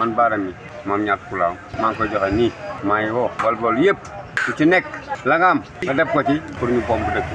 man baara mi man ñaat pulaaw maa ngi koy joxe nii maa ngi woo bool bool yëpp ku ci nekk la nga am nga def ko ci pour ñu bomb dëkk